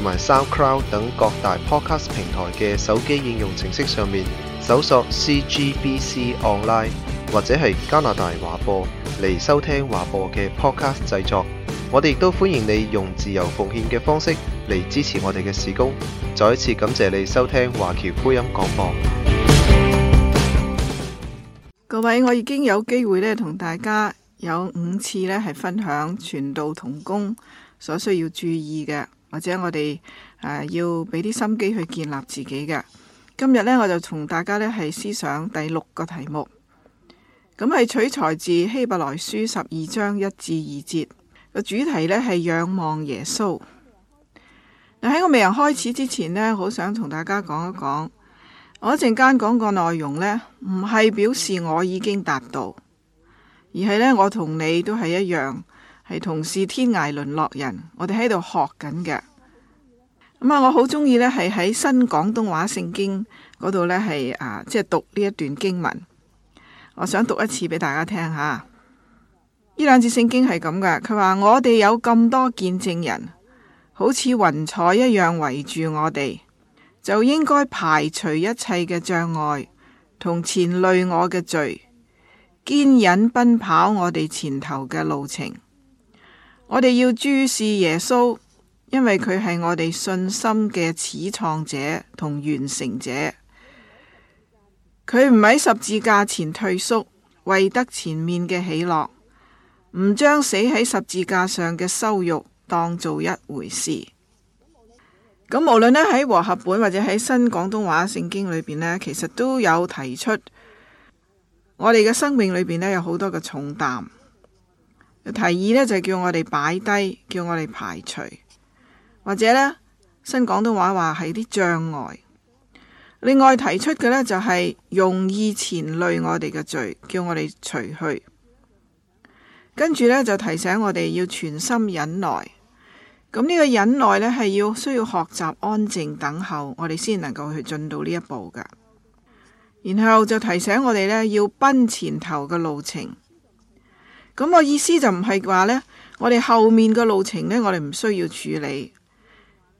同埋 SoundCloud 等各大 Podcast 平台嘅手機應用程式上面搜索 CGBC Online 或者係加拿大華播嚟收聽華播嘅 Podcast 製作，我哋亦都歡迎你用自由奉獻嘅方式嚟支持我哋嘅事工。再一次感謝你收聽華僑福音廣播，各位，我已經有機會咧同大家有五次咧係分享傳道同工所需要注意嘅。或者我哋要俾啲心機去建立自己嘅。今日呢，我就同大家呢係思想第六個題目。咁係取材自希伯來書十二章一至二節，個主題呢係仰望耶穌。喺我未開始之前呢，好想同大家講一講，我一陣間講個內容呢，唔係表示我已經達到，而係呢，我同你都係一樣。係同是天涯淪落人，我哋喺度學緊嘅咁啊！我好中意呢，係喺新廣東話聖經嗰度呢係啊，即係讀呢一段經文。我想讀一次俾大家聽吓，呢兩句聖經係咁嘅。佢話我哋有咁多見證人，好似雲彩一樣圍住我哋，就應該排除一切嘅障礙，同前累我嘅罪，堅忍奔跑我哋前頭嘅路程。我哋要注視耶穌，因為佢係我哋信心嘅始創者同完成者。佢唔喺十字架前退縮，為得前面嘅喜樂，唔將死喺十字架上嘅羞辱當做一回事。咁無論呢，喺和合本或者喺新廣東話聖經裏邊呢，其實都有提出，我哋嘅生命裏邊呢，有好多嘅重擔。提議呢，就是、叫我哋擺低，叫我哋排除，或者呢，新廣東話話係啲障礙。另外提出嘅呢，就係容易前累我哋嘅罪，叫我哋除去。跟住呢，就提醒我哋要全心忍耐。咁呢個忍耐呢，係要需要學習安靜等候，我哋先能夠去進到呢一步㗎。然後就提醒我哋呢，要奔前頭嘅路程。咁我意思就唔係話呢，我哋後面個路程呢，我哋唔需要處理，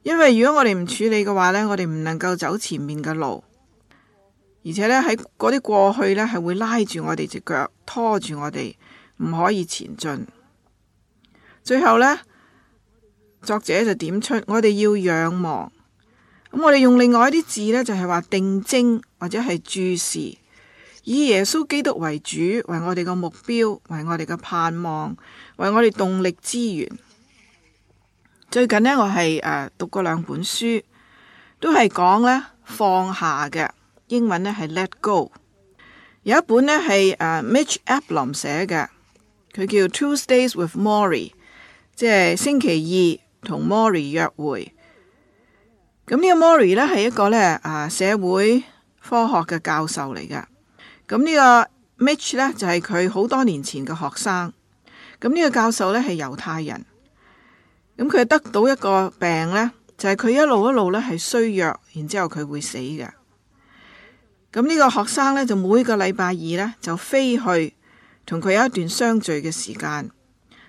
因為如果我哋唔處理嘅話呢，我哋唔能夠走前面嘅路，而且呢，喺嗰啲過去呢，係會拉住我哋隻腳，拖住我哋，唔可以前進。最後呢，作者就點出，我哋要仰望，咁我哋用另外一啲字呢，就係話定睛或者係注視。以耶穌基督為主，為我哋個目標，為我哋嘅盼望，為我哋動力資源。最近呢，我係誒讀過兩本書，都係講咧放下嘅英文呢係 let go。有一本呢係 Mitch Albom 寫嘅，佢叫 Tuesdays with Morrie，即係星期二同 Morrie 約會。咁呢個 Morrie 呢，係一個呢啊社會科學嘅教授嚟噶。咁呢個 Mitch 呢，就係佢好多年前嘅學生。咁呢個教授呢，係猶太人。咁佢得到一個病呢，就係、是、佢一路一路呢係衰弱，然之後佢會死嘅。咁呢個學生呢，就每個禮拜二呢，就飛去同佢有一段相聚嘅時間，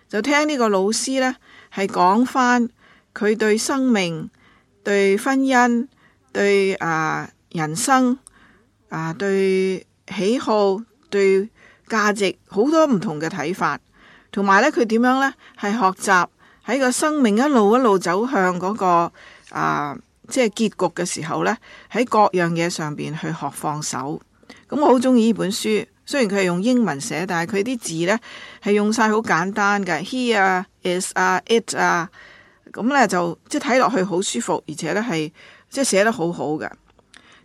就聽呢個老師呢，係講翻佢對生命、對婚姻、對啊、呃、人生啊、呃、對。喜好對價值好多唔同嘅睇法，同埋呢，佢點樣呢？係學習喺個生命一路一路走向嗰、那個啊，即係結局嘅時候呢，喺各樣嘢上邊去學放手。咁、嗯、我好中意呢本書，雖然佢係用英文寫，但係佢啲字呢係用晒好簡單嘅 he 啊，is 啊，it 啊，咁、嗯、呢、嗯嗯，就即係睇落去好舒服，而且呢係即係寫得好好嘅。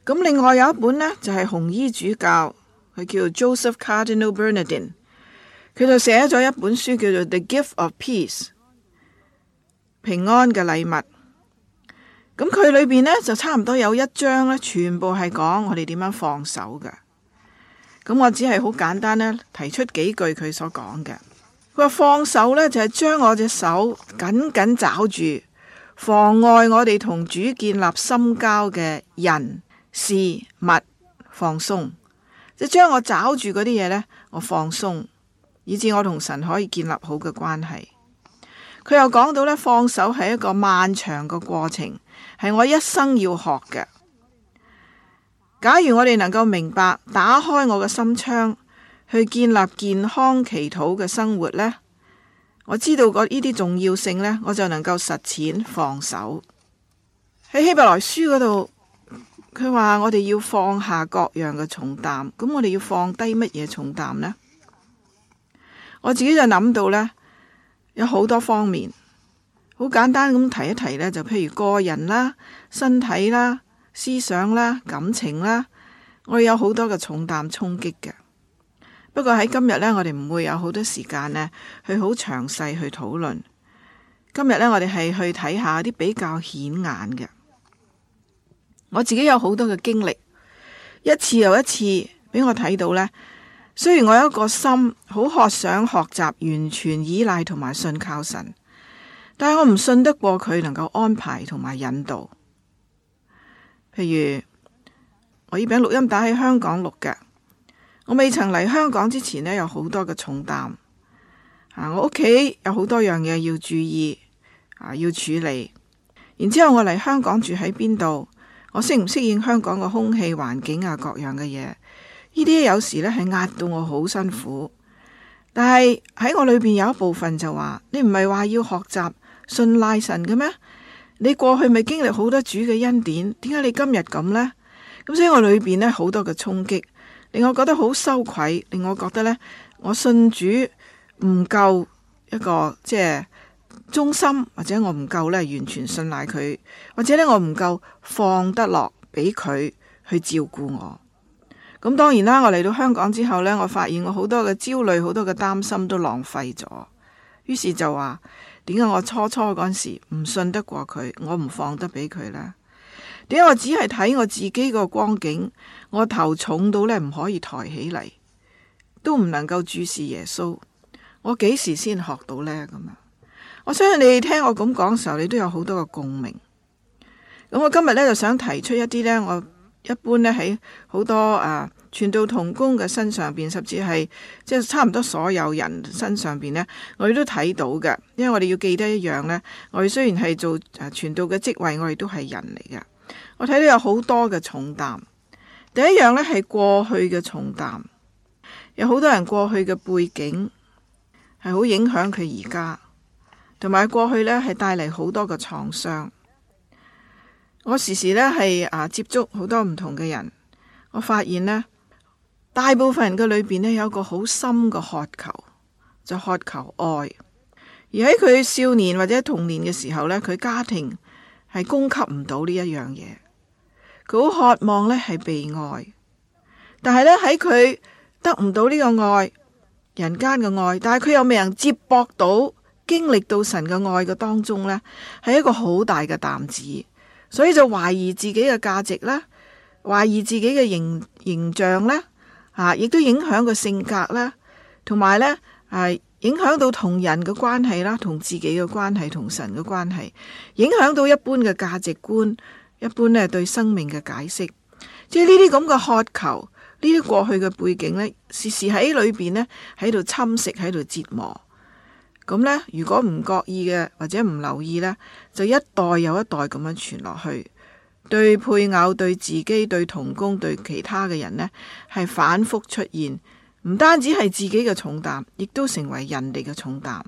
咁另外有一本咧，就係紅衣主教，佢叫 Joseph Cardinal Bernardin，佢就寫咗一本書叫做《The Gift of Peace》，平安嘅禮物。咁佢裏邊咧，就差唔多有一章咧，全部係講我哋點樣放手嘅。咁我只係好簡單咧，提出幾句佢所講嘅。佢話放手咧，就係將我隻手緊緊抓住妨礙我哋同主建立深交嘅人、事物放鬆，即係將我抓住嗰啲嘢呢。我放鬆，以至我同神可以建立好嘅關係。佢又講到呢，放手係一個漫長嘅過程，係我一生要學嘅。假如我哋能夠明白打開我嘅心窗，去建立健康祈禱嘅生活呢，我知道呢啲重要性呢，我就能夠實踐放手。喺希伯來書嗰度。佢話：我哋要放下各樣嘅重擔，咁我哋要放低乜嘢重擔呢？我自己就諗到呢，有好多方面，好簡單咁提一提呢，就譬如個人啦、身體啦、思想啦、感情啦，我哋有好多嘅重擔衝擊嘅。不過喺今日呢，我哋唔會有好多時間呢去好詳細去討論。今日呢，我哋係去睇下啲比較顯眼嘅。我自己有好多嘅經歷，一次又一次俾我睇到呢。雖然我有一個心好渴想學習，完全依賴同埋信靠神，但係我唔信得過佢能夠安排同埋引導。譬如我呢餅錄音帶喺香港錄嘅，我未曾嚟香港之前呢，有好多嘅重擔啊！我屋企有好多樣嘢要注意啊，要處理。然之後我嚟香港住喺邊度？我適唔適應香港個空氣環境啊，各樣嘅嘢，呢啲有時咧係壓到我好辛苦。但係喺我裏邊有一部分就話：「你唔係話要學習信賴神嘅咩？你過去咪經歷好多主嘅恩典，點解你今日咁呢？」咁所以我裏邊咧好多嘅衝擊，令我覺得好羞愧，令我覺得呢：「我信主唔夠一個即係。」忠心或者我唔夠咧，完全信賴佢，或者咧我唔夠放得落俾佢去照顧我。咁當然啦，我嚟到香港之後咧，我發現我好多嘅焦慮、好多嘅擔心都浪費咗。於是就話，點解我初初嗰陣時唔信得過佢，我唔放得俾佢咧？點解我只係睇我自己個光景，我頭重到咧唔可以抬起嚟，都唔能夠注視耶穌，我幾時先學到咧咁樣。我相信你哋聽我咁講嘅時候，你都有好多嘅共鳴。咁我今日咧就想提出一啲呢。我一般呢，喺好多啊傳道同工嘅身上邊，甚至係即係差唔多所有人身上邊呢，我哋都睇到嘅。因為我哋要記得一樣呢，我哋雖然係做啊傳道嘅職位，我哋都係人嚟㗎。我睇到有好多嘅重擔，第一樣呢，係過去嘅重擔，有好多人過去嘅背景係好影響佢而家。同埋過去呢係帶嚟好多嘅創傷。我時時呢係啊接觸好多唔同嘅人，我發現呢，大部分人嘅裏邊呢，有個好深嘅渴求，就渴求愛。而喺佢少年或者童年嘅時候呢，佢家庭係供給唔到呢一樣嘢，佢好渴望呢係被愛。但係呢喺佢得唔到呢個愛，人間嘅愛，但係佢又未能接駁到。經歷到神嘅愛嘅當中呢，係一個好大嘅擔子，所以就懷疑自己嘅價值啦，懷疑自己嘅形形象咧，啊，亦都影響個性格啦，同埋呢，啊，影響到同人嘅關係啦，同自己嘅關係，同神嘅關係，影響到一般嘅價值觀，一般咧對生命嘅解釋，即係呢啲咁嘅渴求，呢啲過去嘅背景呢，時時喺裏邊呢喺度侵蝕，喺度折磨。咁呢，如果唔覺意嘅或者唔留意呢，就一代又一代咁樣傳落去，對配偶、對自己、對同工、對其他嘅人呢，係反覆出現，唔單止係自己嘅重擔，亦都成為人哋嘅重擔。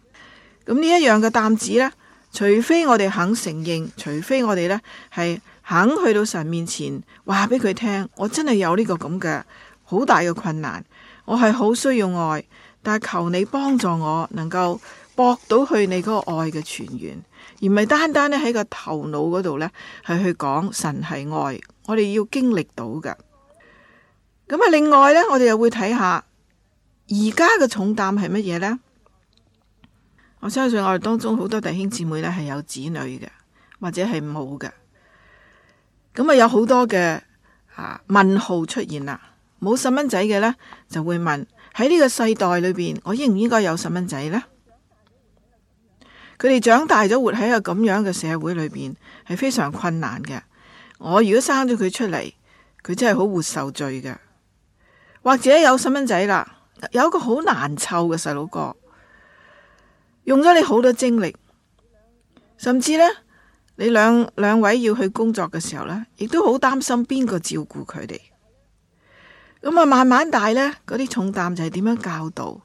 咁呢一樣嘅擔子呢，除非我哋肯承認，除非我哋呢係肯去到神面前話俾佢聽，我真係有呢個咁嘅好大嘅困難，我係好需要愛，但求你幫助我能夠。駁到去你嗰個愛嘅泉源，而唔係單單咧喺個頭腦嗰度呢，係去講神係愛，我哋要經歷到噶。咁啊，另外呢，我哋又會睇下而家嘅重擔係乜嘢呢？我相信我哋當中好多弟兄姊妹呢，係有子女嘅，或者係冇嘅。咁啊，有好多嘅啊問號出現啦。冇細蚊仔嘅呢，就會問，喺呢個世代裏邊，我應唔應該有細蚊仔呢？」佢哋長大咗，活喺一個咁樣嘅社會裏面，係非常困難嘅。我如果生咗佢出嚟，佢真係好活受罪嘅。或者有細蚊仔啦，有一個好難湊嘅細佬哥，用咗你好多精力，甚至呢，你兩兩位要去工作嘅時候呢，亦都好擔心邊個照顧佢哋。咁啊，慢慢大呢，嗰啲重擔就係點樣教導，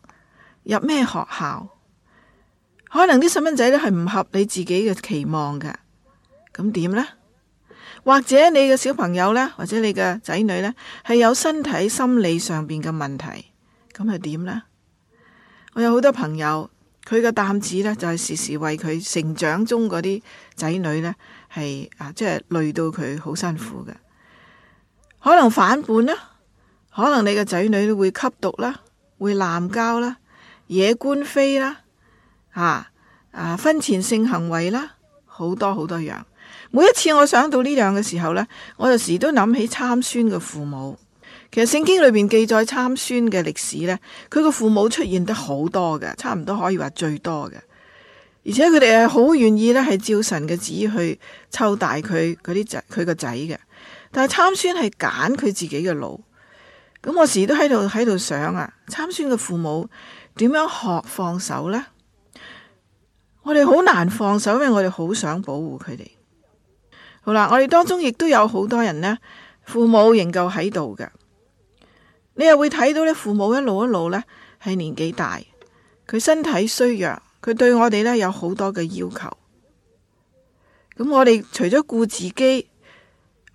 入咩學校？可能啲細蚊仔呢係唔合你自己嘅期望嘅，咁點呢？或者你嘅小朋友呢？或者你嘅仔女呢？係有身體心理上面嘅問題，咁係點呢？我有好多朋友，佢嘅擔子呢，就係、是、時時為佢成長中嗰啲仔女呢，係啊，即、就、係、是、累到佢好辛苦嘅。可能反叛啦，可能你嘅仔女會吸毒啦，會濫交啦，惹官非啦。吓啊,啊婚前性行為啦，好多好多樣。每一次我想到呢樣嘅時候咧，我就時都諗起參孫嘅父母。其實聖經裏面記載參孫嘅歷史咧，佢個父母出現得好多嘅，差唔多可以話最多嘅。而且佢哋係好願意咧，係照神嘅旨意去湊大佢嗰啲仔，佢個仔嘅。但係參孫係揀佢自己嘅路。咁我時都喺度喺度想啊，參孫嘅父母點樣學放手呢？我哋好難放手，因為我哋好想保護佢哋。好啦，我哋當中亦都有好多人呢，父母仍舊喺度㗎。你又會睇到呢，父母一路一路呢，係年紀大，佢身體衰弱，佢對我哋呢有好多嘅要求。咁我哋除咗顧自己，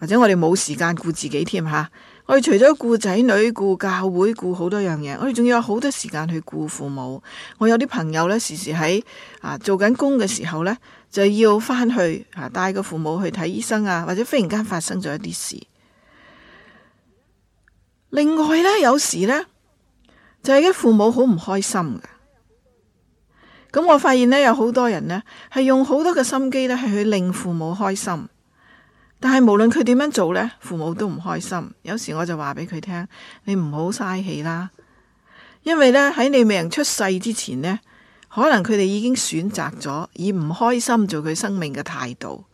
或者我哋冇時間顧自己添吓。我哋除咗顧仔女、顧教會、顧好多樣嘢，我哋仲要有好多時間去顧父母。我有啲朋友呢，時時喺啊做緊工嘅時候呢，就要翻去啊帶個父母去睇醫生啊，或者忽然間發生咗一啲事。另外呢，有時呢，就係啲父母好唔開心噶。咁我發現呢，有好多人呢，係用好多嘅心機呢，係去令父母開心。但係無論佢點樣做呢，父母都唔開心。有時我就話俾佢聽，你唔好嘥氣啦。因為呢，喺你未出世之前呢，可能佢哋已經選擇咗以唔開心做佢生命嘅態度，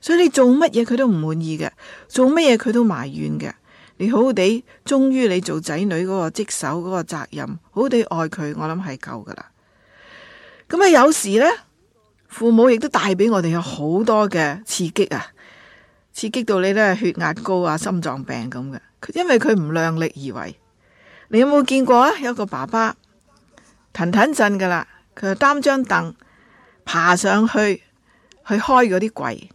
所以你做乜嘢佢都唔滿意嘅，做乜嘢佢都埋怨嘅。你好好地忠於你做仔女嗰個職守嗰個責任，好好地愛佢，我諗係夠噶啦。咁啊，有時呢，父母亦都帶俾我哋有好多嘅刺激啊！刺激到你咧，血壓高啊，心臟病咁嘅。因為佢唔量力而為。你有冇見過啊？有個爸爸，騰騰震噶啦，佢就擔張凳爬上去去開嗰啲櫃。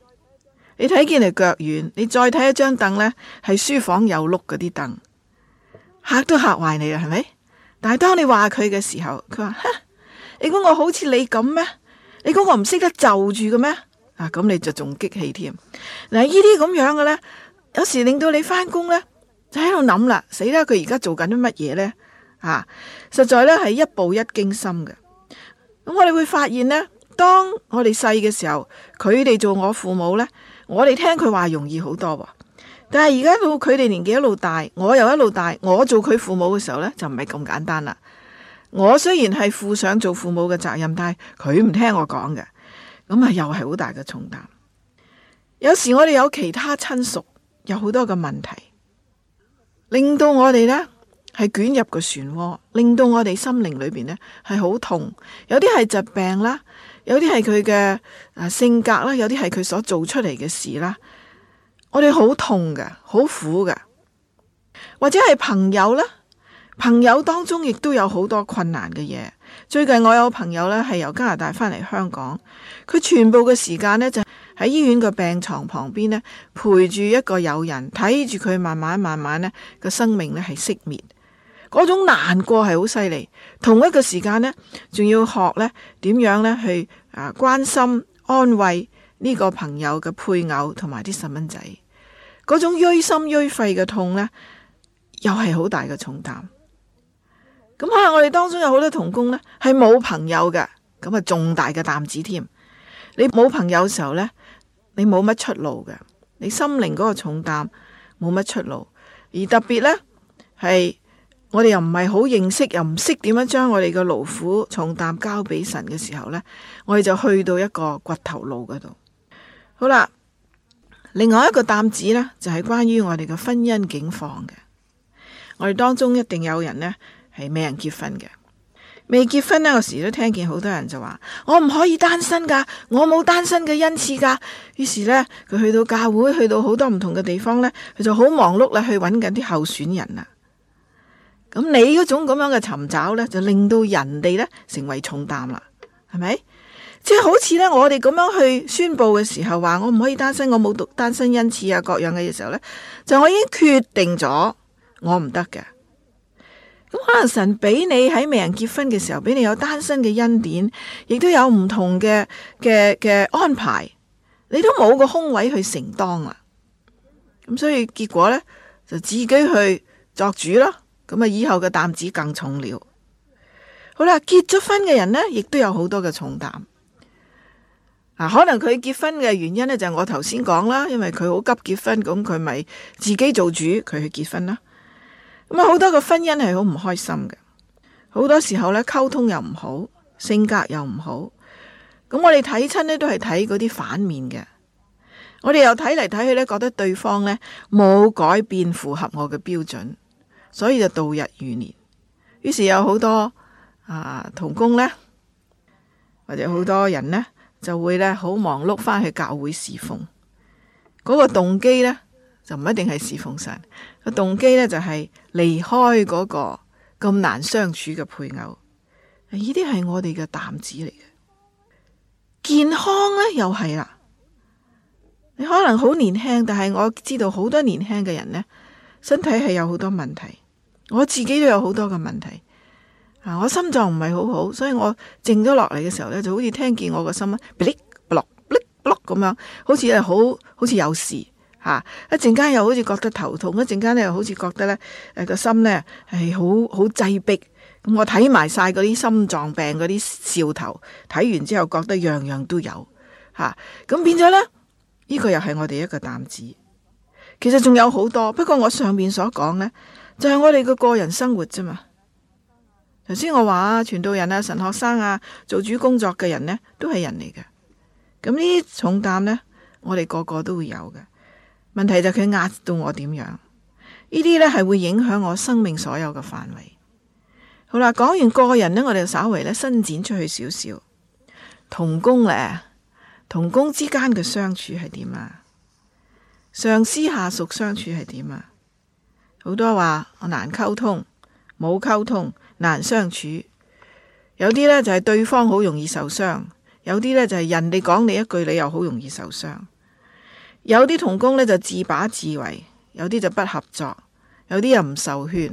你睇見隻腳軟，你再睇一張凳呢，係書房有碌嗰啲凳，吓都吓壞你啦，係咪？但係當你話佢嘅時候，佢話：哈，你估我好似你咁咩？你估我唔識得就住嘅咩？嗱，咁、啊、你就仲激氣添。嗱，呢啲咁樣嘅呢，有時令到你返工呢，就喺度諗啦，「死啦！佢而家做緊啲乜嘢呢？」啊，實在呢，係一步一驚心嘅。咁我哋會發現呢，當我哋細嘅時候，佢哋做我父母呢，我哋聽佢話容易好多。但係而家到佢哋年紀一路大，我又一路大，我做佢父母嘅時候呢，就唔係咁簡單啦。我雖然係負上做父母嘅責任，但係佢唔聽我講嘅。咁啊，又係好大嘅重擔。有時我哋有其他親屬，有好多嘅問題，令到我哋呢係捲入個漩渦，令到我哋心靈裏邊呢係好痛。有啲係疾病啦，有啲係佢嘅性格啦，有啲係佢所做出嚟嘅事啦。我哋好痛㗎，好苦㗎，或者係朋友啦，朋友當中亦都有好多困難嘅嘢。最近我有朋友咧，係由加拿大返嚟香港，佢全部嘅時間呢，就喺醫院嘅病床旁邊呢，陪住一個友人，睇住佢慢慢慢慢呢個生命咧係熄滅，嗰種難過係好犀利。同一個時間呢，仲要學呢點樣呢去啊關心安慰呢個朋友嘅配偶同埋啲細蚊仔，嗰種錐心錐肺嘅痛呢，又係好大嘅重擔。咁可能我哋當中有好多同工呢，係冇朋友嘅，咁啊重大嘅擔子添。你冇朋友時候呢，你冇乜出路嘅，你心靈嗰個重擔冇乜出路。而特別呢，係我哋又唔係好認識，又唔識點樣將我哋嘅勞苦重擔交俾神嘅時候呢，我哋就去到一個掘頭路嗰度。好啦，另外一個擔子呢，就係、是、關於我哋嘅婚姻境況嘅。我哋當中一定有人呢。係未人結婚嘅，未結婚咧，有時都聽見好多人就話：我唔可以單身噶，我冇單身嘅恩賜噶。於是呢，佢去到教會，去到好多唔同嘅地方呢，佢就好忙碌啦，去揾緊啲候選人啦。咁你嗰種咁樣嘅尋找呢，就令到人哋呢成為重擔啦，係咪？即係好似呢，我哋咁樣去宣布嘅時候，話我唔可以單身，我冇獨單身恩賜啊，各樣嘅嘢時候呢，就我已經決定咗，我唔得嘅。咁可能神俾你喺未人結婚嘅時候，俾你有單身嘅恩典，亦都有唔同嘅嘅嘅安排，你都冇個空位去承當啦。咁所以結果呢，就自己去作主咯。咁啊，以後嘅擔子更重了。好啦，結咗婚嘅人呢，亦都有好多嘅重擔。啊，可能佢結婚嘅原因呢，就係我頭先講啦，因為佢好急結婚，咁佢咪自己做主，佢去結婚啦。咁啊，好多個婚姻係好唔開心嘅，好多時候咧溝通又唔好，性格又唔好。咁我哋睇親咧都係睇嗰啲反面嘅，我哋又睇嚟睇去咧覺得對方咧冇改變，符合我嘅標準，所以就度日如年。於是有好多啊同工呢，或者好多人呢，就會咧好忙碌返去教會侍奉，嗰個動機呢，就唔一定係侍奉神。動機呢，就係離開嗰個咁難相處嘅配偶，呢啲係我哋嘅擔子嚟嘅。健康呢又係啦，你可能好年輕，但係我知道好多年輕嘅人呢，身體係有好多問題，我自己都有好多嘅問題啊！我心臟唔係好好，所以我靜咗落嚟嘅時候呢，就好似聽見我個心啊，卟卟卟卟咁樣，好似係好好似有事。吓、啊，一陣間又好似覺得頭痛，一陣間又好似覺得呢誒個、啊、心呢係好好擠迫。咁我睇埋晒嗰啲心臟病嗰啲兆頭，睇完之後覺得樣樣都有吓，咁、啊、變咗呢，呢、這個又係我哋一個擔子。其實仲有好多，不過我上面所講呢，就係、是、我哋個個人生活啫嘛。頭先我話啊，傳道人啊，神學生啊，做主工作嘅人呢，都係人嚟嘅，咁呢啲重擔咧我哋個個都會有嘅。問題就係佢壓到我點樣？呢啲咧係會影響我生命所有嘅範圍。好啦，講完個人呢，我哋稍為伸展出去少少。同工呢，同工之間嘅相處係點啊？上司下屬相處係點啊？好多話我難溝通，冇溝通難相處。有啲呢就係、是、對方好容易受傷，有啲呢就係、是、人哋講你一句，你又好容易受傷。有啲同工呢就自把自為，有啲就不合作，有啲又唔受勸。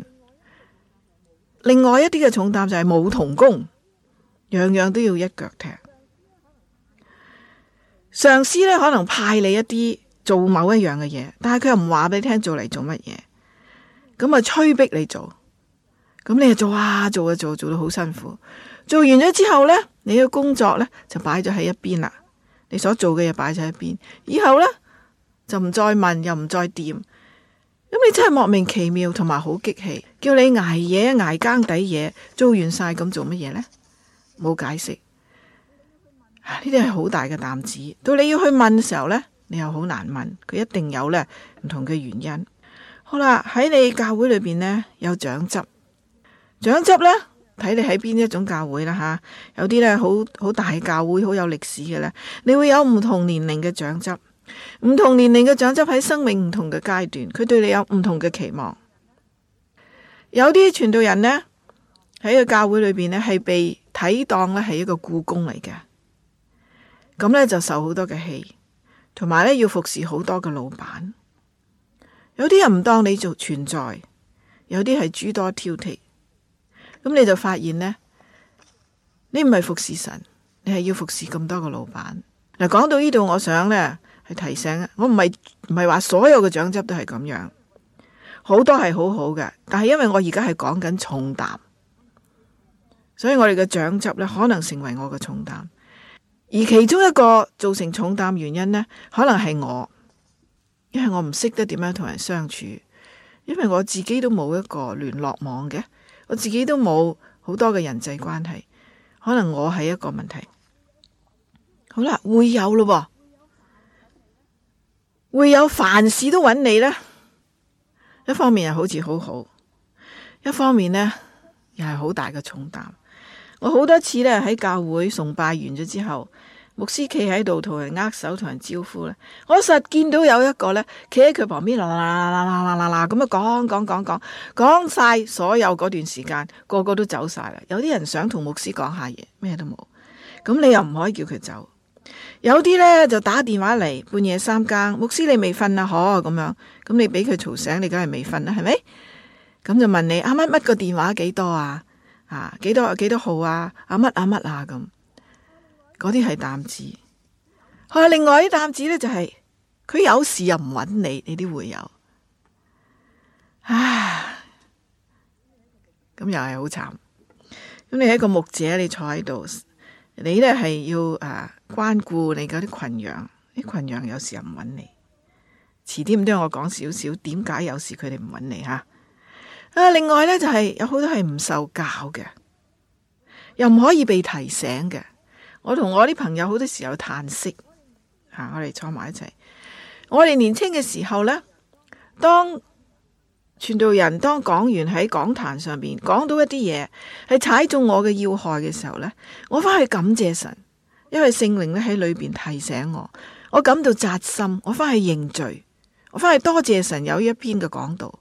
另外一啲嘅重擔就係冇同工，樣樣都要一腳踢。上司呢可能派你一啲做某一樣嘅嘢，但係佢又唔話俾你聽做嚟做乜嘢，咁啊催逼你做，咁你就做啊做啊做，做到好辛苦。做完咗之後呢，你嘅工作呢就擺咗喺一邊啦，你所做嘅嘢擺咗喺一邊，以後呢。就唔再問，又唔再掂，咁你真係莫名其妙同埋好激氣，叫你挨夜、挨更抵夜，做完晒咁做乜嘢呢？冇解釋，呢啲係好大嘅擔子。到你要去問嘅時候呢，你又好難問，佢一定有呢唔同嘅原因。好啦，喺你教會裏邊呢，有長執，長執呢，睇你喺邊一種教會啦吓，有啲呢，好好大教會，好有歷史嘅咧，你會有唔同年齡嘅長執。唔同年齡嘅長執喺生命唔同嘅階段，佢對你有唔同嘅期望。有啲傳道人呢，喺個教會裏邊呢，係被睇當咧係一個僱工嚟嘅，咁呢就受好多嘅氣，同埋呢要服侍好多嘅老闆。有啲人唔當你做存在，有啲係諸多挑剔，咁你就發現呢，你唔係服侍神，你係要服侍咁多個老闆。嗱，講到呢度，我想呢。去提醒啊！我唔係唔係話所有嘅長執都係咁樣，好多係好好嘅，但係因為我而家係講緊重擔，所以我哋嘅長執咧可能成為我嘅重擔，而其中一個造成重擔原因呢，可能係我，因為我唔識得點樣同人相處，因為我自己都冇一個聯絡網嘅，我自己都冇好多嘅人際關係，可能我係一個問題。好啦，會有咯。會有凡事都揾你咧，一方面又好似好好，一方面呢又係好大嘅重擔。我好多次呢喺教會崇拜完咗之後，牧師企喺度同人握手同人招呼呢，我實見到有一個呢企喺佢旁邊啦啦啦啦啦啦啦啦咁樣講講講講講晒所有嗰段時間，個個都走晒啦。有啲人想同牧師講下嘢，咩都冇，咁你又唔可以叫佢走。有啲呢，就打電話嚟半夜三更，牧師你未瞓啊？嗬咁樣，咁你俾佢嘈醒，你梗係未瞓啦，係咪？咁就問你阿乜乜個電話幾多啊？啊，幾多幾多號啊？阿乜阿乜啊？咁嗰啲係擔子。佢另外啲擔子呢，就係、是、佢有事又唔揾你，你啲會有唉，咁又係好慘。咁你係一個牧者，你坐喺度，你呢係要啊。關顧你嗰啲群羊，啲、哎、群羊有時又唔揾你。遲啲唔多，我講少少，點解有時佢哋唔揾你吓？另外呢，就係、是、有好多係唔受教嘅，又唔可以被提醒嘅。我同我啲朋友好多時候歎息吓、啊，我哋坐埋一齊。我哋年輕嘅時候呢，當傳道人，當講員喺講壇上邊講到一啲嘢，係踩中我嘅要害嘅時候呢，我翻去感謝神。因為聖靈咧喺裏邊提醒我，我感到扎心，我翻去認罪，我翻去多謝神有一篇嘅講道。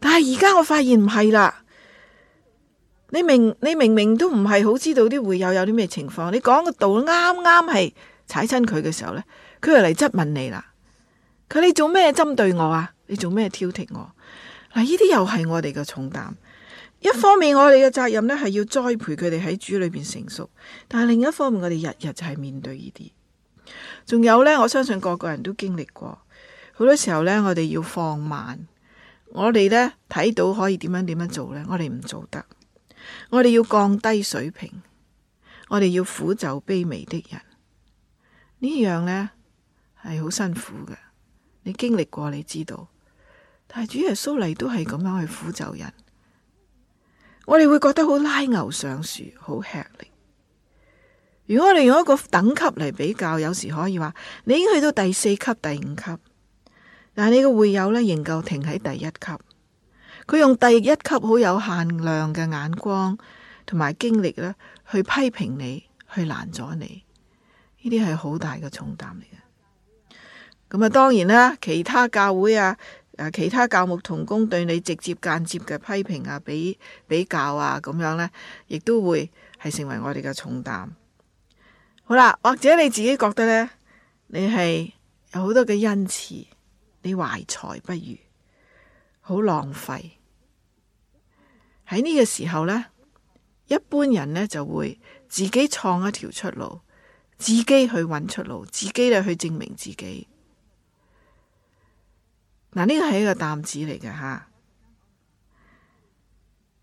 但係而家我發現唔係啦，你明你明明都唔係好知道啲會友有啲咩情況，你講個道啱啱係踩親佢嘅時候呢，佢又嚟質問你啦。佢你做咩針對我啊？你做咩挑剔我？嗱，呢啲又係我哋嘅重擔。一方面我哋嘅責任呢，係要栽培佢哋喺主裏邊成熟，但係另一方面我哋日日就係面對呢啲。仲有呢，我相信個個人都經歷過好多時候呢，我哋要放慢，我哋呢睇到可以點樣點樣做呢，我哋唔做得，我哋要降低水平，我哋要俯就卑微的人，呢樣呢，係好辛苦嘅，你經歷過，你知道，但係主耶穌嚟都係咁樣去俯就人。我哋會覺得好拉牛上樹，好吃力。如果我哋用一個等級嚟比較，有時可以話，你已經去到第四級、第五級，但係你嘅會友咧仍舊停喺第一級。佢用第一級好有限量嘅眼光同埋經歷咧，去批評你，去攔阻你。呢啲係好大嘅重擔嚟嘅。咁啊，當然啦，其他教會啊。誒，其他教牧同工對你直接間接嘅批評啊，比比較啊，咁樣呢，亦都會係成為我哋嘅重擔。好啦，或者你自己覺得呢，你係有好多嘅恩賜，你懷才不遇，好浪費。喺呢個時候呢，一般人呢就會自己創一條出路，自己去揾出路，自己呢去證明自己。嗱，呢個係一個擔子嚟嘅吓，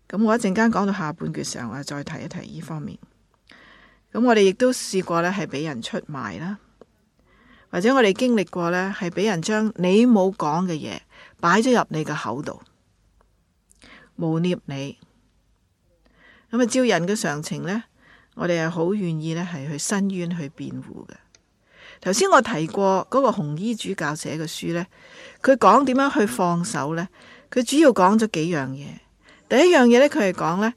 咁我一陣間講到下半句上我再提一提呢方面。咁我哋亦都試過呢係俾人出賣啦，或者我哋經歷過呢係俾人將你冇講嘅嘢擺咗入你嘅口度，冇捏你。咁啊照人嘅常情呢，我哋係好願意呢係去申冤去辯護嘅。頭先我提過嗰個紅衣主教寫嘅書呢，佢講點樣去放手呢，佢主要講咗幾樣嘢。第一樣嘢呢，佢係講呢，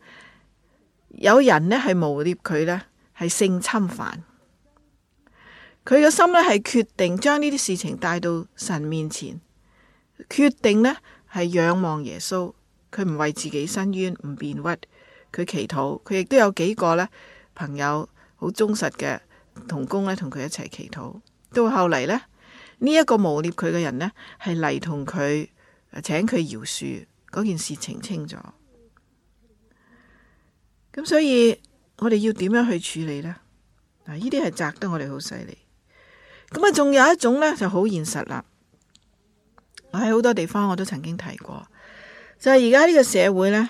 有人呢係誣衊佢呢，係性侵犯。佢個心呢係決定將呢啲事情帶到神面前，決定呢係仰望耶穌。佢唔為自己申冤，唔辯屈。佢祈禱，佢亦都有幾個呢朋友好忠實嘅。同工咧同佢一齊祈禱，到後嚟呢，呢、這、一個誣衊佢嘅人呢，係嚟同佢請佢饒恕，嗰件事情清咗。咁所以我哋要點樣去處理呢？嗱、啊，呢啲係責得我哋好犀利。咁啊，仲有一種呢，就好現實啦。我喺好多地方我都曾經提過，就係而家呢個社會呢，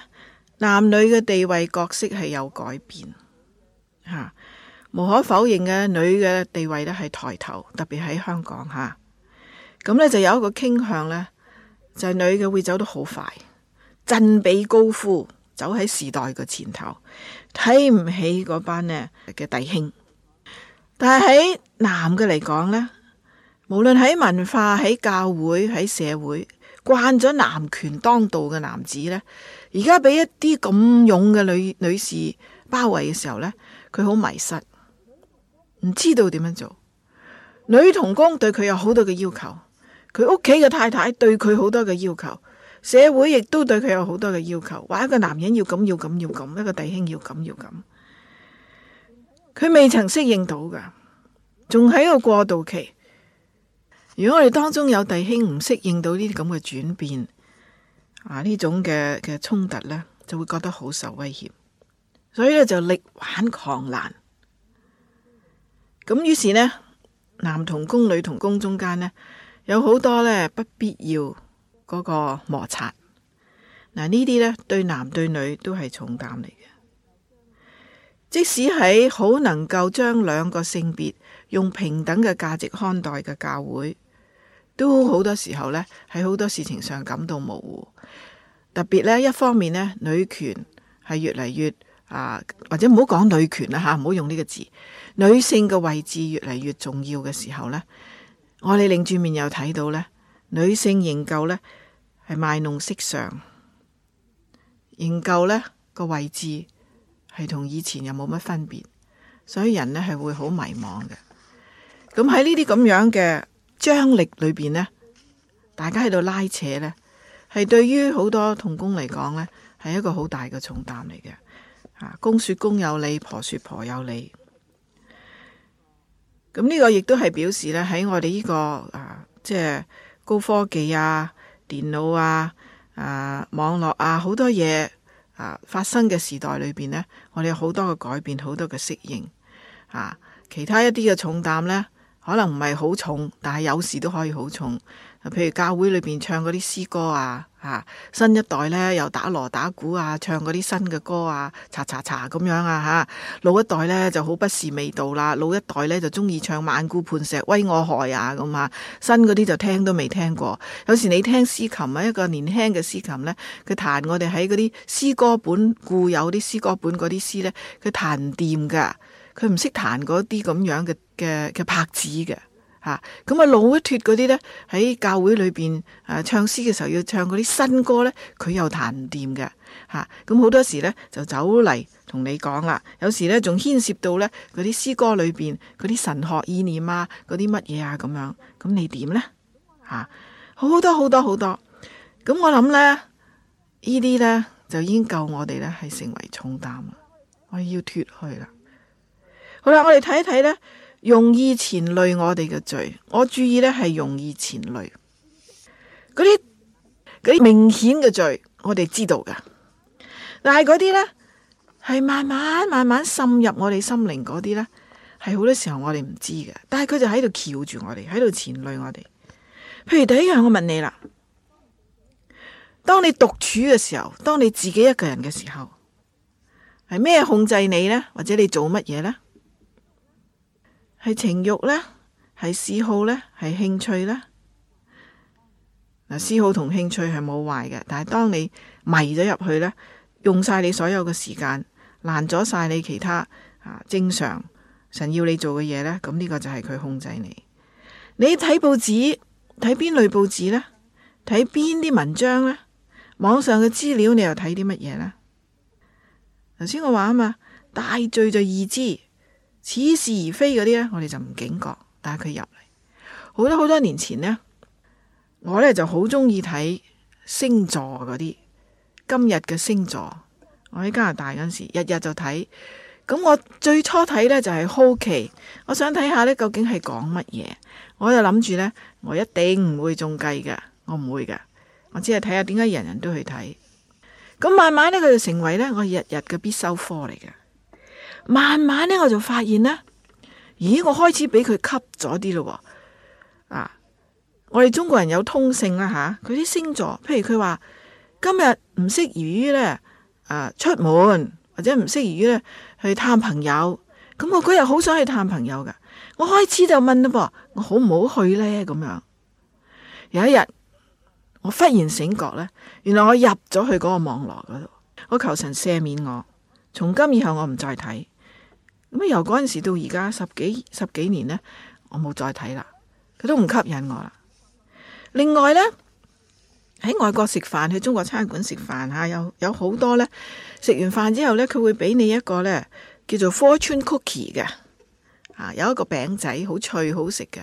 男女嘅地位角色係有改變吓。啊無可否認嘅女嘅地位咧係抬頭，特別喺香港吓，咁呢，就有一個傾向呢，就係女嘅會走得好快，振臂高呼，走喺時代嘅前頭，睇唔起嗰班咧嘅弟兄。但係喺男嘅嚟講呢，無論喺文化、喺教會、喺社會，慣咗男權當道嘅男子呢，而家俾一啲咁勇嘅女女士包圍嘅時候呢，佢好迷失。唔知道點樣做，女同工對佢有好多嘅要求，佢屋企嘅太太對佢好多嘅要求，社會亦都對佢有好多嘅要求，話一個男人要咁要咁要咁，一個弟兄要咁要咁，佢未曾適應到噶，仲喺個過渡期。如果我哋當中有弟兄唔適應到呢啲咁嘅轉變，啊呢種嘅嘅衝突呢，就會覺得好受威脅，所以咧就力挽狂瀾。咁於是呢，男同工、女同工中間呢，有好多呢，不必要嗰個摩擦。嗱，呢啲呢，對男對女都係重擔嚟嘅。即使喺好能夠將兩個性別用平等嘅價值看待嘅教會，都好多時候呢，喺好多事情上感到模糊。特別呢，一方面呢，女權係越嚟越。啊，或者唔好講女權啦吓，唔好用呢個字。女性嘅位置越嚟越重要嘅時候呢，我哋擰住面又睇到呢：女性仍舊呢，係賣弄色相，仍舊呢，個位置係同以前又冇乜分別，所以人呢係會好迷茫嘅。咁喺呢啲咁樣嘅張力裏邊呢，大家喺度拉扯呢，係對於好多同工嚟講呢，係一個好大嘅重擔嚟嘅。啊，公說公有理，婆說婆有理。咁呢個亦都係表示呢，喺我哋呢個啊，即係高科技啊、電腦啊、啊網絡啊好多嘢啊發生嘅時代裏邊呢，我哋好多嘅改變，好多嘅適應啊。其他一啲嘅重擔呢，可能唔係好重，但係有時都可以好重。譬如教會裏邊唱嗰啲詩歌啊，嚇、啊、新一代咧又打鑼打鼓啊，唱嗰啲新嘅歌啊，嚓嚓嚓咁樣啊嚇、啊。老一代咧就好不是味道啦，老一代咧就中意唱《萬古磐石為我開、啊》啊咁啊。新嗰啲就聽都未聽過。有時你聽司琴啊，一個年輕嘅司琴咧，佢彈我哋喺嗰啲詩歌本固有啲詩歌本嗰啲詩咧，佢彈唔掂噶，佢唔識彈嗰啲咁樣嘅嘅嘅拍子嘅。吓，咁啊老一脫嗰啲呢？喺教會裏邊誒唱詩嘅時候要唱嗰啲新歌呢，佢又彈唔掂嘅。吓咁好多時呢，就走嚟同你講啦。有時呢，仲牽涉到呢嗰啲詩歌裏邊嗰啲神學意念啊嗰啲乜嘢啊咁樣咁、嗯、你點呢？吓、啊、好多好多好多咁、嗯、我諗呢，呢啲呢，就已經夠我哋呢，係成為重擔啦。我要脫去啦，好啦，我哋睇一睇呢。容易纏累我哋嘅罪，我注意呢係容易纏累嗰啲，嗰啲明顯嘅罪，我哋知道噶。但係嗰啲呢係慢慢慢慢滲入我哋心靈嗰啲呢，係好多時候我哋唔知噶。但係佢就喺度瞧住我哋，喺度纏累我哋。譬如第一樣，我問你啦，當你獨處嘅時候，當你自己一個人嘅時候，係咩控制你呢？或者你做乜嘢呢？」係情慾呢？係嗜好呢？係興趣呢？嗱，嗜好同興趣係冇壞嘅，但係當你迷咗入去呢，用晒你所有嘅時間，爛咗晒你其他啊，正常神要你做嘅嘢呢，咁呢個就係佢控制你。你睇報紙睇邊類報紙呢？睇邊啲文章呢？網上嘅資料你又睇啲乜嘢呢？頭先我話啊嘛，大罪就易知。似是而非嗰啲呢，我哋就唔警覺，帶佢入嚟。好多好多年前呢，我呢就好中意睇星座嗰啲，今日嘅星座。我喺加拿大嗰陣時，日日就睇。咁我最初睇呢，就係好奇，我想睇下呢究竟係講乜嘢。我就諗住呢，我一定唔會中計㗎，我唔會㗎，我只係睇下點解人人都去睇。咁慢慢呢，佢就成為呢我日日嘅必修科嚟㗎。慢慢咧，我就發現呢，咦，我開始俾佢吸咗啲咯喎，啊！我哋中國人有通性啦吓，佢、啊、啲星座，譬如佢話今日唔適宜呢，誒、啊，出門或者唔適宜呢去探朋友，咁、嗯、我嗰日好想去探朋友噶，我開始就問嘞噃，我好唔好去呢？咁樣有一日，我忽然醒覺呢，原來我入咗去嗰個網絡嗰度，我求神赦免我，從今以後我唔再睇。咁由嗰陣時到而家十幾十幾年咧，我冇再睇啦，佢都唔吸引我啦。另外呢，喺外國食飯，去中國餐館食飯嚇，有有好多呢。食完飯之後呢，佢會俾你一個呢叫做 fortune cookie 嘅啊，有一個餅仔好脆好食嘅。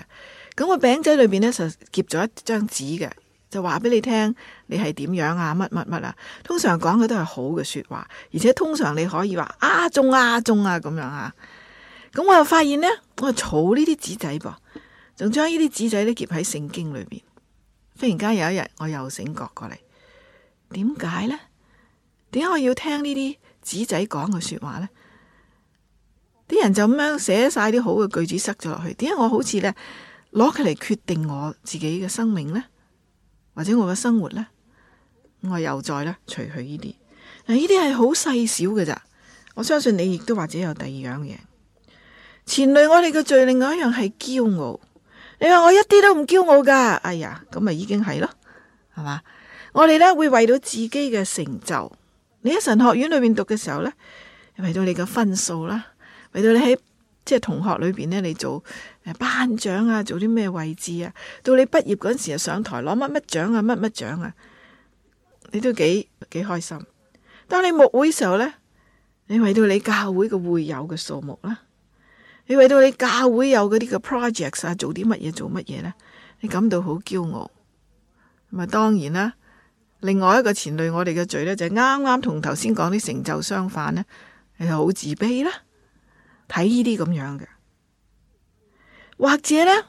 咁個餅仔裏邊呢，就夾咗一張紙嘅。就話俾你聽，你係點樣啊？乜乜乜啊？通常講嘅都係好嘅說話，而且通常你可以話啊中啊中啊咁樣啊。咁我又發現呢，我儲呢啲紙仔噃，仲將呢啲紙仔呢夾喺聖經裏面。忽然間有一日，我又醒覺過嚟，點解呢？點解我要聽呢啲紙仔講嘅說話呢？啲人就咁樣寫晒啲好嘅句子塞咗落去，點解我好似呢？攞佢嚟決定我自己嘅生命呢？或者我嘅生活呢，我又再咧除去呢啲，嗱呢啲係好細小嘅咋，我相信你亦都或者有第二樣嘢，纏累我哋嘅罪，另外一樣係驕傲。你話我一啲都唔驕傲噶，哎呀，咁咪已經係咯，係嘛？我哋呢會為到自己嘅成就，你喺神學院裏面讀嘅時候呢，為到你嘅分數啦，為到你喺。即係同學裏邊呢，你做誒班長啊，做啲咩位置啊？到你畢業嗰陣時啊，上台攞乜乜獎啊，乜乜獎啊，你都幾幾開心。當你木會嘅時候呢，你為到你教會嘅會友嘅數目啦，你為到你教會有嗰啲嘅 projects 啊，做啲乜嘢做乜嘢呢？你感到好驕傲。咁啊，當然啦，另外一個纏累我哋嘅罪呢，就係啱啱同頭先講啲成就相反呢，你好自卑啦。睇呢啲咁樣嘅，或者呢，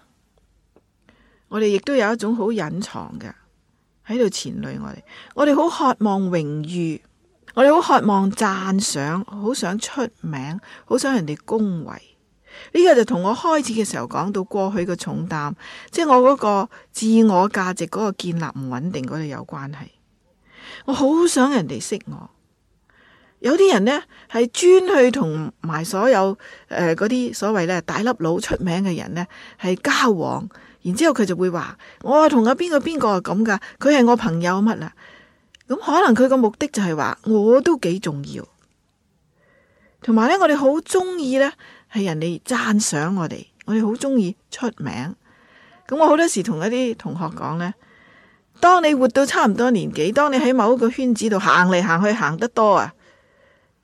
我哋亦都有一種好隱藏嘅喺度牽累我哋，我哋好渴望榮譽，我哋好渴望讚賞，好想出名，好想人哋恭維。呢個就同我開始嘅時候講到過去嘅重擔，即係我嗰個自我價值嗰個建立唔穩定嗰度有關係。我好想人哋識我。有啲人呢係專去同埋所有誒嗰啲所謂咧大粒佬出名嘅人呢係交往，然之後佢就會話：我係同阿邊個邊個咁噶，佢係我朋友乜啦？咁可能佢個目的就係話我都幾重要，同埋呢，我哋好中意呢係人哋讚賞我哋，我哋好中意出名。咁我好多時同一啲同學講呢：「當你活到差唔多年紀，當你喺某一個圈子度行嚟行去行得多啊！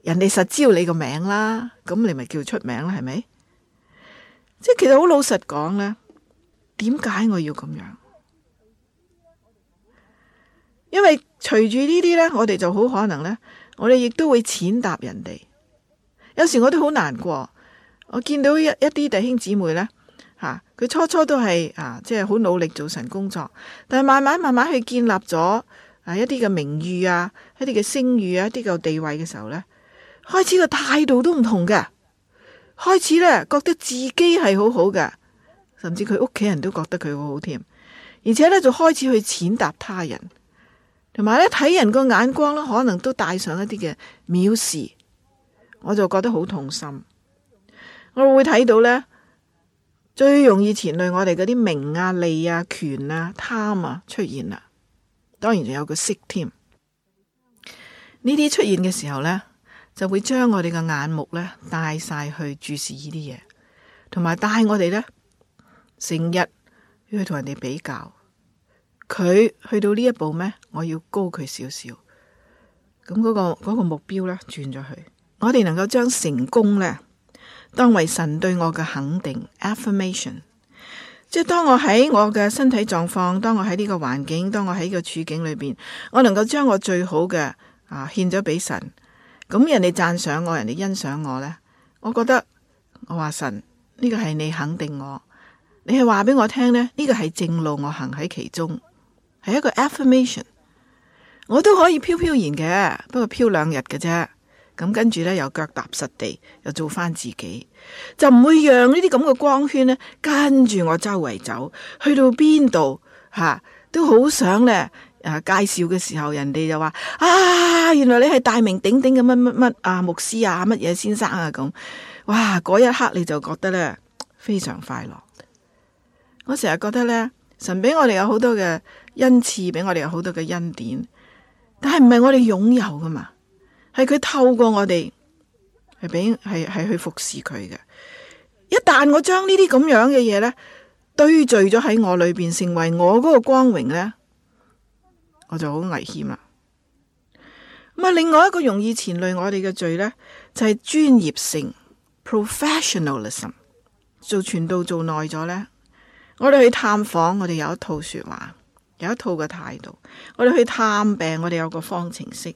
人哋實知道你個名啦，咁你咪叫出名啦，係咪？即係其實好老實講呢，點解我要咁樣？因為隨住呢啲呢，我哋就好可能呢，我哋亦都會踐踏人哋。有時我都好難過，我見到一一啲弟兄姊妹呢，吓佢初初都係啊，即係好努力做神工作，但係慢慢慢慢去建立咗啊一啲嘅名譽啊，一啲嘅聲譽啊，一啲嘅地位嘅時候呢。開始個態度都唔同嘅。開始呢，覺得自己係好好嘅，甚至佢屋企人都覺得佢好好添，而且呢，就開始去踐踏他人，同埋呢，睇人個眼光呢，可能都帶上一啲嘅藐視，我就覺得好痛心。我會睇到呢，最容易纏累我哋嗰啲名啊、利啊、權啊、貪啊出現啦，當然仲有個色添。呢啲出現嘅時候呢。就會將我哋嘅眼目咧帶晒，去注視呢啲嘢，同埋帶我哋咧成日要去同人哋比較。佢去到呢一步咩？我要高佢少少，咁嗰、嗰個、嗰個目標咧轉咗去。我哋能夠將成功咧當為神對我嘅肯定 （affirmation），即係當我喺我嘅身體狀況，當我喺呢個環境，當我喺呢個處境裏邊，我能夠將我最好嘅啊獻咗俾神。咁人哋讚賞我，人哋欣賞我呢。我覺得我話神呢、呢個係你肯定我，你係話俾我聽呢，呢、呢個係正路我行喺其中，係一個 affirmation，我都可以飄飄然嘅，不過飄兩日嘅啫，咁跟住呢，又腳踏實地，又做翻自己，就唔會讓呢啲咁嘅光圈呢跟住我周圍走，去到邊度吓都好想呢。介紹嘅時候，人哋就話：啊，原來你係大名鼎鼎嘅乜乜乜啊，牧師啊，乜嘢先生啊，咁。哇，嗰一刻你就覺得呢非常快樂。我成日覺得呢，神俾我哋有好多嘅恩賜，俾我哋有好多嘅恩典，但係唔係我哋擁有噶嘛，係佢透過我哋，係俾係係去服侍佢嘅。一旦我將這這呢啲咁樣嘅嘢呢堆聚咗喺我裏邊，成為我嗰個光榮呢。我就好危險啦。咁另外一個容易纏累我哋嘅罪呢，就係、是、專業性 （professionalism）。Professional ism，做傳道做耐咗呢。我哋去探訪，我哋有一套說話，有一套嘅態度；我哋去探病，我哋有個方程式；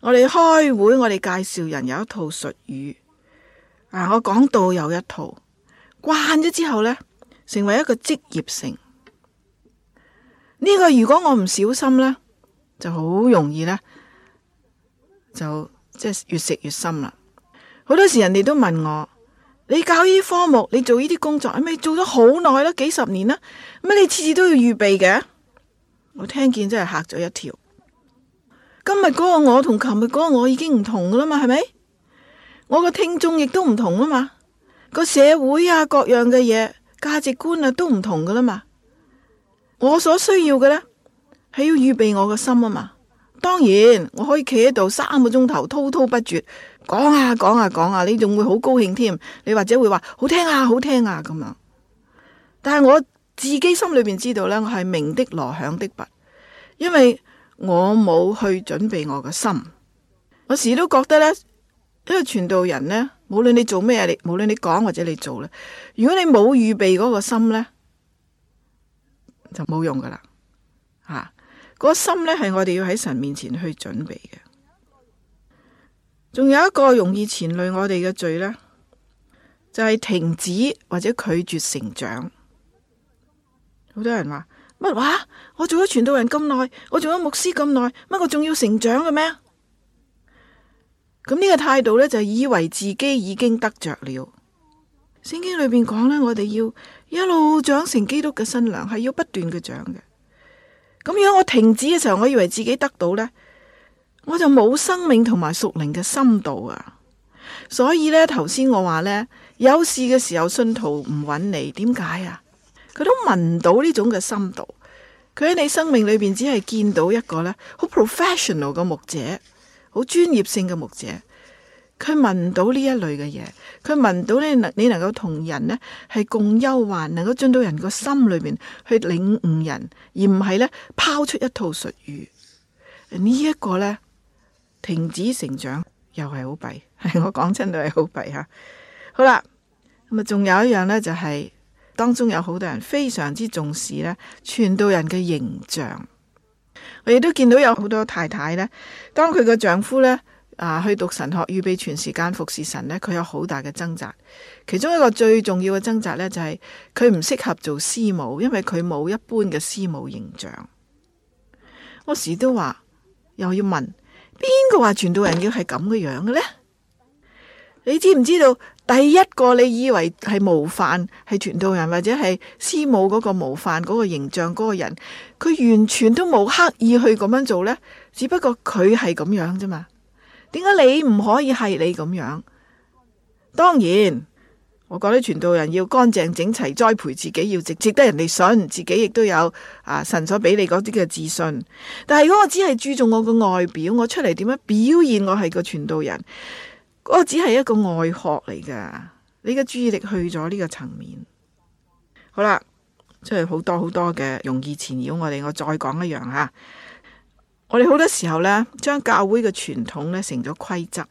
我哋開會，我哋介紹人有一套術語。啊，我講道有一套，慣咗之後呢，成為一個職業性。呢個如果我唔小心呢，就好容易呢，就即係越食越深啦。好多時人哋都問我：你教呢科目，你做呢啲工作，咁咪做咗好耐啦，幾十年啦，乜你次次都要預備嘅？我聽見真係嚇咗一跳。今日嗰個我同琴日嗰個我已經唔同噶啦嘛，係咪？我個聽眾亦都唔同噶嘛，個社會啊各樣嘅嘢價值觀啊都唔同噶啦嘛。我所需要嘅呢，係要預備我嘅心啊嘛。當然我可以企喺度三個鐘頭滔滔不絕講啊講啊講啊，你仲會好高興添，你或者會話好聽啊好聽啊咁樣。但係我自己心裏邊知道呢，我係鳴的鑼響的鈸，因為我冇去準備我嘅心。我時都覺得呢，因為傳道人呢，無論你做咩，你無論你講或者你做呢，如果你冇預備嗰個心呢。就冇用噶啦，吓、啊、個心呢，係我哋要喺神面前去準備嘅。仲有一個容易纏累我哋嘅罪呢，就係、是、停止或者拒絕成長。好多人話乜話我做咗傳道人咁耐，我做咗牧師咁耐，乜我仲要成長嘅咩？咁呢個態度呢，就係、以為自己已經得着了。聖經裏邊講呢，我哋要一路長成基督嘅新娘，係要不斷嘅長嘅。咁如果我停止嘅時候，我以為自己得到呢，我就冇生命同埋屬靈嘅深度啊。所以呢，頭先我話呢，有事嘅時候信徒唔揾你，點解啊？佢都聞唔到呢種嘅深度，佢喺你生命裏邊只係見到一個呢好 professional 嘅牧者，好專業性嘅牧者。佢聞到呢一類嘅嘢，佢聞到咧，你能夠同人呢係共憂患，能夠進到人個心裏面去領悟人，而唔係呢拋出一套術語。呢、這、一個呢，停止成長又係好弊，係我講真都係好弊吓。好啦，咁啊，仲有一樣呢，就係、是、當中有好多人非常之重視呢，傳道人嘅形象。我亦都見到有好多太太呢，當佢個丈夫呢。啊！去讀神學預備全時間服侍神呢，佢有好大嘅掙扎。其中一個最重要嘅掙扎呢，就係佢唔適合做師母，因為佢冇一般嘅師母形象。我時都話，又要問邊個話傳道人要係咁嘅樣嘅呢？你知唔知道？第一個你以為係模範，係傳道人或者係師母嗰個模範嗰個形象嗰個人，佢完全都冇刻意去咁樣做呢？只不過佢係咁樣啫嘛。點解你唔可以係你咁樣？當然，我覺得傳道人要乾淨整齊，栽培自己要值值得人哋信，自己亦都有啊神所俾你嗰啲嘅自信。但係如果我只係注重我個外表，我出嚟點樣表現我係個傳道人，我只係一個外殼嚟噶。你嘅注意力去咗呢個層面，好啦，即係好多好多嘅容易纏繞我哋。我再講一樣吓。我哋好多時候呢，將教會嘅傳統呢成咗規則，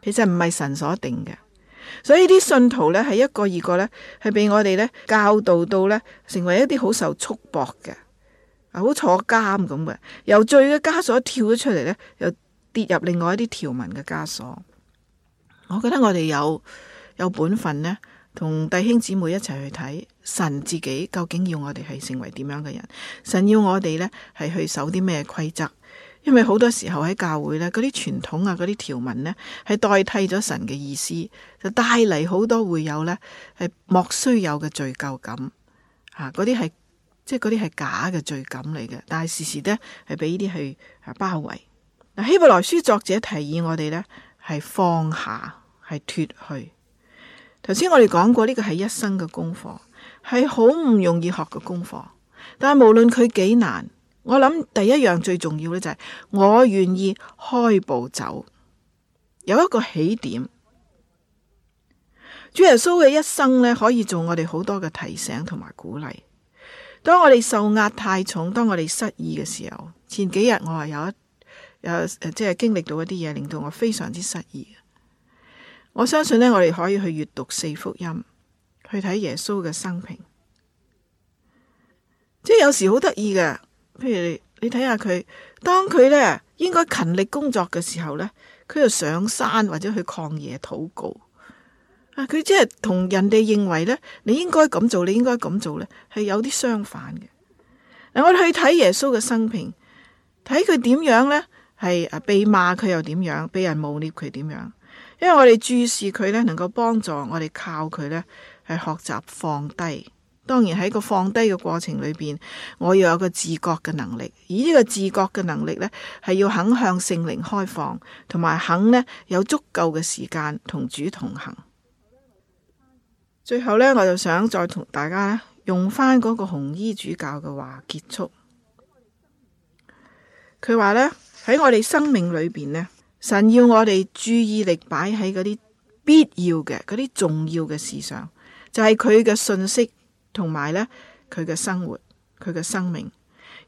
其實唔係神所定嘅，所以啲信徒呢係一個二個呢係俾我哋呢教導到呢，成為一啲好受束縛嘅，好坐監咁嘅，由罪嘅枷鎖跳咗出嚟呢，又跌入另外一啲條文嘅枷鎖。我覺得我哋有有本分呢。同弟兄姊妹一齊去睇神自己究竟要我哋係成為點樣嘅人？神要我哋呢係去守啲咩規則？因為好多時候喺教會呢，嗰啲傳統啊、嗰啲條文呢，係代替咗神嘅意思，就帶嚟好多會友呢有呢係莫須有嘅罪疚感。吓、啊，嗰啲係即係嗰啲係假嘅罪感嚟嘅。但係時時呢係俾呢啲去包圍。嗱，希伯來書作者提議我哋呢係放下，係脫去。頭先我哋講過呢個係一生嘅功課，係好唔容易學嘅功課。但係無論佢幾難，我諗第一樣最重要呢就係我願意開步走，有一個起點。主耶穌嘅一生呢，可以做我哋好多嘅提醒同埋鼓勵。當我哋受壓太重，當我哋失意嘅時候，前幾日我係有一有即係經歷到一啲嘢，令到我非常之失意。我相信呢，我哋可以去閱讀四福音，去睇耶穌嘅生平。即係有時好得意嘅，譬如你睇下佢，當佢呢應該勤力工作嘅時候呢，佢就上山或者去曠野禱告。佢、啊、即係同人哋認為呢，你應該咁做，你應該咁做呢，係有啲相反嘅。嗱，我哋去睇耶穌嘅生平，睇佢點樣呢？係被罵佢又點樣，被人污衊佢點樣。因為我哋注視佢呢，能夠幫助我哋靠佢呢，係學習放低。當然喺個放低嘅過程裏邊，我要有個自覺嘅能力，而呢個自覺嘅能力呢，係要肯向聖靈開放，同埋肯呢有足夠嘅時間同主同行。最後呢，我就想再同大家呢用翻嗰個紅衣主教嘅話結束。佢話呢，喺我哋生命裏邊呢。神要我哋注意力擺喺嗰啲必要嘅，嗰啲重要嘅事上，就係佢嘅信息同埋咧佢嘅生活、佢嘅生命，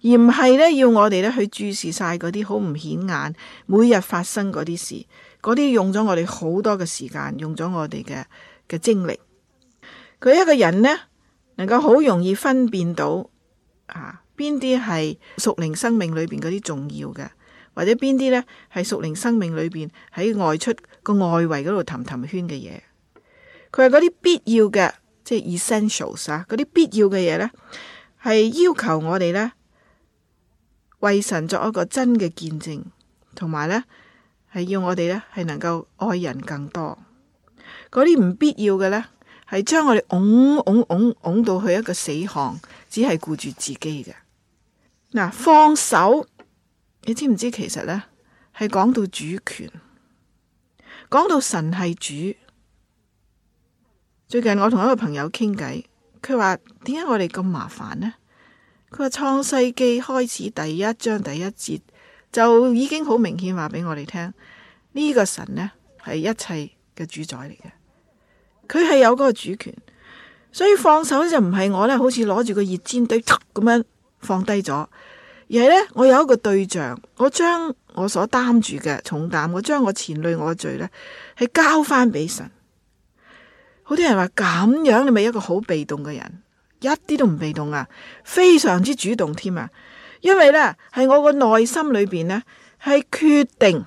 而唔係咧要我哋咧去注視晒嗰啲好唔顯眼、每日發生嗰啲事，嗰啲用咗我哋好多嘅時間，用咗我哋嘅嘅精力。佢一個人咧能夠好容易分辨到啊，邊啲係屬靈生命裏邊嗰啲重要嘅。或者邊啲呢？係屬靈生命裏邊喺外出個外圍嗰度氹氹圈嘅嘢？佢話嗰啲必要嘅，即係 essentials 啊，嗰啲必要嘅嘢呢，係要求我哋呢，為神作一個真嘅見證，同埋呢，係要我哋呢，係能夠愛人更多。嗰啲唔必要嘅呢，係將我哋拱拱拱到去一個死巷，只係顧住自己嘅。嗱，放手。你知唔知其實呢係講到主權，講到神係主。最近我同一個朋友傾偈，佢話，點解我哋咁麻煩呢？佢話創世記開始第一章第一節就已經好明顯話俾我哋聽，呢個神呢係一切嘅主宰嚟嘅，佢係有嗰個主權，所以放手就唔係我呢好似攞住個熱煎堆咁樣放低咗，而係呢，我有一個對象，我將我所擔住嘅重擔，我將我纏累我嘅罪呢，係交翻俾神。好多人話咁樣，你咪一個好被動嘅人，一啲都唔被動啊，非常之主動添啊！因為呢，係我個內心裏邊呢，係決定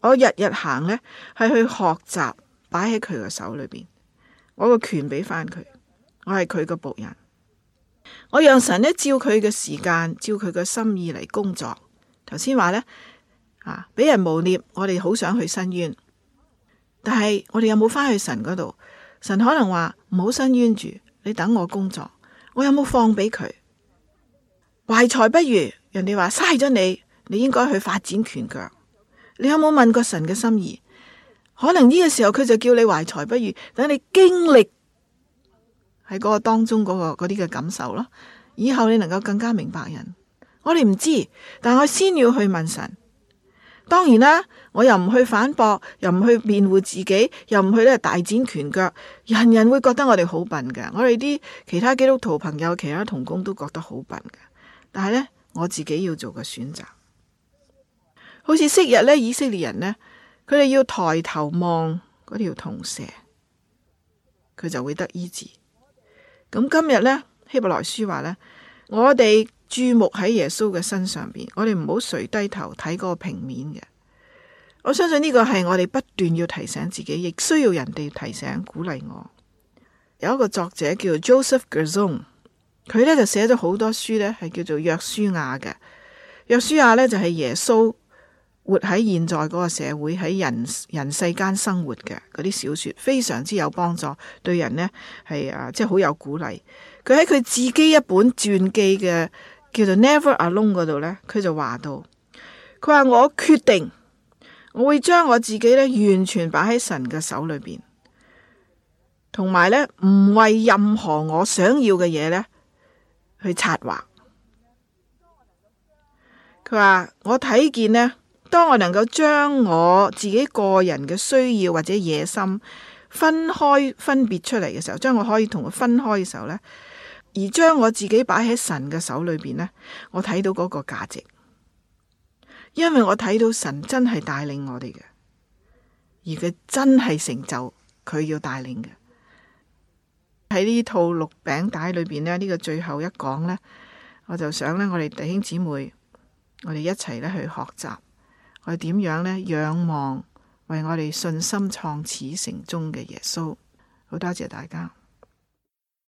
我日日行呢，係去學習擺喺佢個手裏邊，我個權俾翻佢，我係佢個僕人。我讓神咧照佢嘅時間，照佢嘅心意嚟工作。頭先話咧，啊俾人誣衊，我哋好想去申冤，但係我哋有冇翻去神嗰度？神可能話唔好申冤住，你等我工作。我有冇放俾佢？懷才不如，人哋話，嘥咗你，你應該去發展拳腳。你有冇問過神嘅心意？可能呢個時候佢就叫你懷才不如，等你經歷。喺嗰個當中嗰、嗰個啲嘅感受咯，以後你能夠更加明白人。我哋唔知，但我先要去問神。當然啦，我又唔去反駁，又唔去辯護自己，又唔去咧大展拳腳。人人會覺得我哋好笨㗎，我哋啲其他基督徒朋友、其他同工都覺得好笨㗎。但係呢，我自己要做個選擇。好似昔日咧，以色列人呢，佢哋要抬頭望嗰條銅蛇，佢就會得醫治。咁今日呢，希伯來書話呢，我哋注目喺耶穌嘅身上邊，我哋唔好垂低頭睇嗰個平面嘅。我相信呢個係我哋不斷要提醒自己，亦需要人哋提醒鼓勵我。有一個作者叫 Joseph Gerson，佢呢就寫咗好多書呢係叫做約書亞嘅。約書亞呢就係、是、耶穌。活喺現在嗰個社會喺人人世間生活嘅嗰啲小説，非常之有幫助，對人呢係啊，即係好有鼓勵。佢喺佢自己一本傳記嘅叫做《Never Alone》嗰度呢，佢就話到：「佢話我決定，我會將我自己呢完全擺喺神嘅手裏邊，同埋呢唔為任何我想要嘅嘢呢去策劃。佢話我睇見呢……」當我能夠將我自己個人嘅需要或者野心分開、分別出嚟嘅時候，將我可以同佢分開嘅時候呢，而將我自己擺喺神嘅手裏邊呢，我睇到嗰個價值，因為我睇到神真係帶領我哋嘅，而佢真係成就佢要帶領嘅。喺呢套六餅帶裏邊呢，呢、呢個最後一講呢，我就想呢，我哋弟兄姊妹，我哋一齊呢去學習。我哋點樣呢仰望為我哋信心創始成終嘅耶穌？好多謝大家。